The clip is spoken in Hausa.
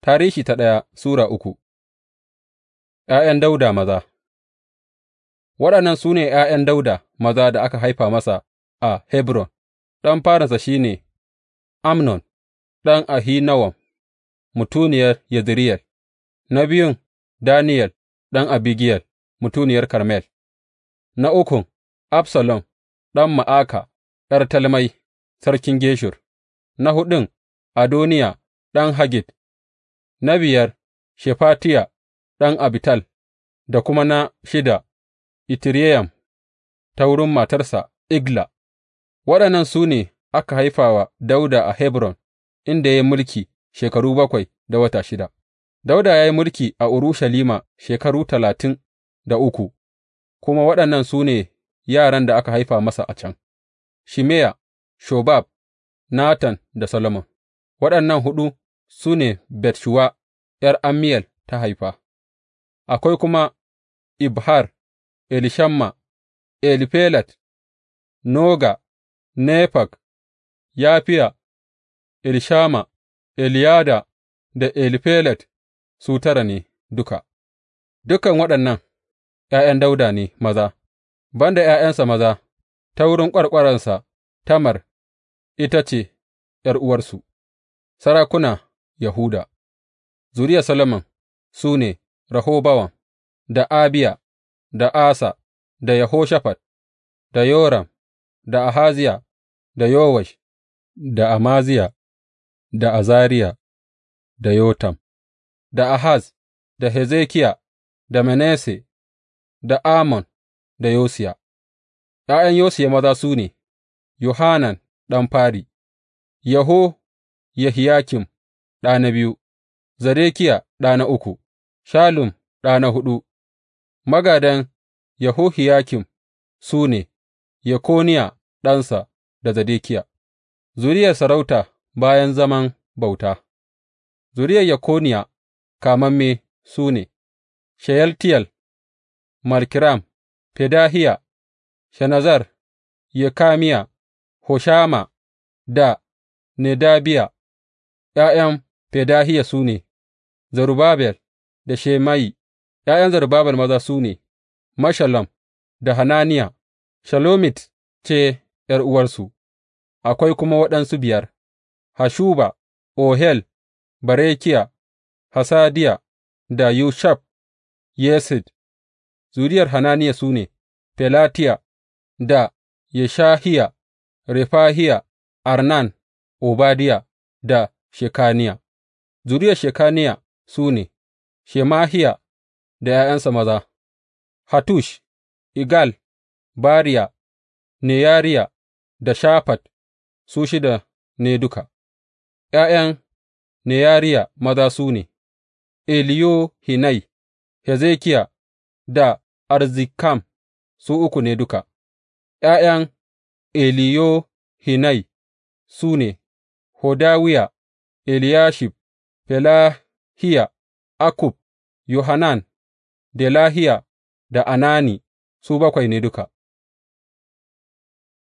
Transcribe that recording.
Tarihi ta ɗaya Sura uku ’Ya'yan Dauda maza Waɗannan su ne ’ya'yan Dauda maza da aka haifa masa a Hebron, ɗan farinsa shi ne Amnon ɗan Ahinawam, mutuniyar Yezireyel, na biyun Daniyel ɗan Abigiyel, mutuniyar Karmel, na ukun Absalom ɗan Ma'aka, ’yar Talmai, sarkin Geshur, na huɗun Adoniya ɗan Haggit. na biyar Shefatiya ɗan Abital, da kuma na shida Itireyam ta wurin matarsa igla waɗannan su ne aka haifa wa Dawuda a Hebron, inda ya yi mulki shekaru bakwai da wata shida. Dauda ya yi mulki a Urushalima shekaru talatin da uku, kuma waɗannan su ne yaran da aka haifa masa a can, Shimeya, Shobab, Natan da Solomon, waɗannan huɗu su ne Bet Shuwa ’yar Ammiyel ta haifa, akwai kuma Ibhar, elishamma Elifelet, Noga, Nefeg, Yafiya, elishama eliyada da Elifelet su tara ne duka, dukan waɗannan ’ya'yan dauda ne maza, ban da ’ya'yansa maza ta wurin ƙwarƙwararsa Tamar ita ce ’yar'uwarsu, sarakuna Yahuda Zuriyar Solomon su ne, Rehobowam, da Abiya, da Asa, da Yehoshafat, da Yoram, da Ahaziya, da Yowash, da Amaziya, da Azariya, da Yotam, da Ahaz, da Hezekiya, da Manasse, da Amon, da Yosiya. ’Ya'yan Yosiya maza su ne, Yohanan ɗan fari, Yaho, Yehiyakim. ɗa na biyu, Zedekiya ɗa na uku, Shallum ɗa na huɗu. Magādan Yehohiyakim su ne, Yekoniya ɗansa da Zedekiya, zuriyar sarauta bayan zaman bauta Zuriyar Yekoniya kamamme su ne, Sheyaltiyel, Malkiram, Fedahiya, Shanazar, Yekamiya, Hoshama da Nedabiya, ’ya'yan Fedahiya su ne, Zerubbabel da shemayi ’ya'yan Zerubbabel maza su ne, Mashalam da Hananiya, Shalomit ce ’yar'uwarsu, akwai kuma waɗansu biyar, Hashuba, Ohel, Barekiya, Hasadiya da Yushab Yesid, zuriyar Hananiya su ne, Felatiya da Yeshahiya, Refahiya, Arnan, Obadiya da Shekaniya. Zuriyar Shekaniya su ne, Shemahiya da ’ya'yansa maza, Hattush, Igal, Bariya, Neyariya da Shafat, su shida ne duka; ’ya'yan Neyariya maza su ne, Eliyohenai, Hezekiya da Arzikam su uku ne duka; ’ya'yan Eliyohenai su ne, Hodawiya, Eliyashib. Felahiya, Akkub, Yohanan, Delahiya da Anani, su bakwai ne duka.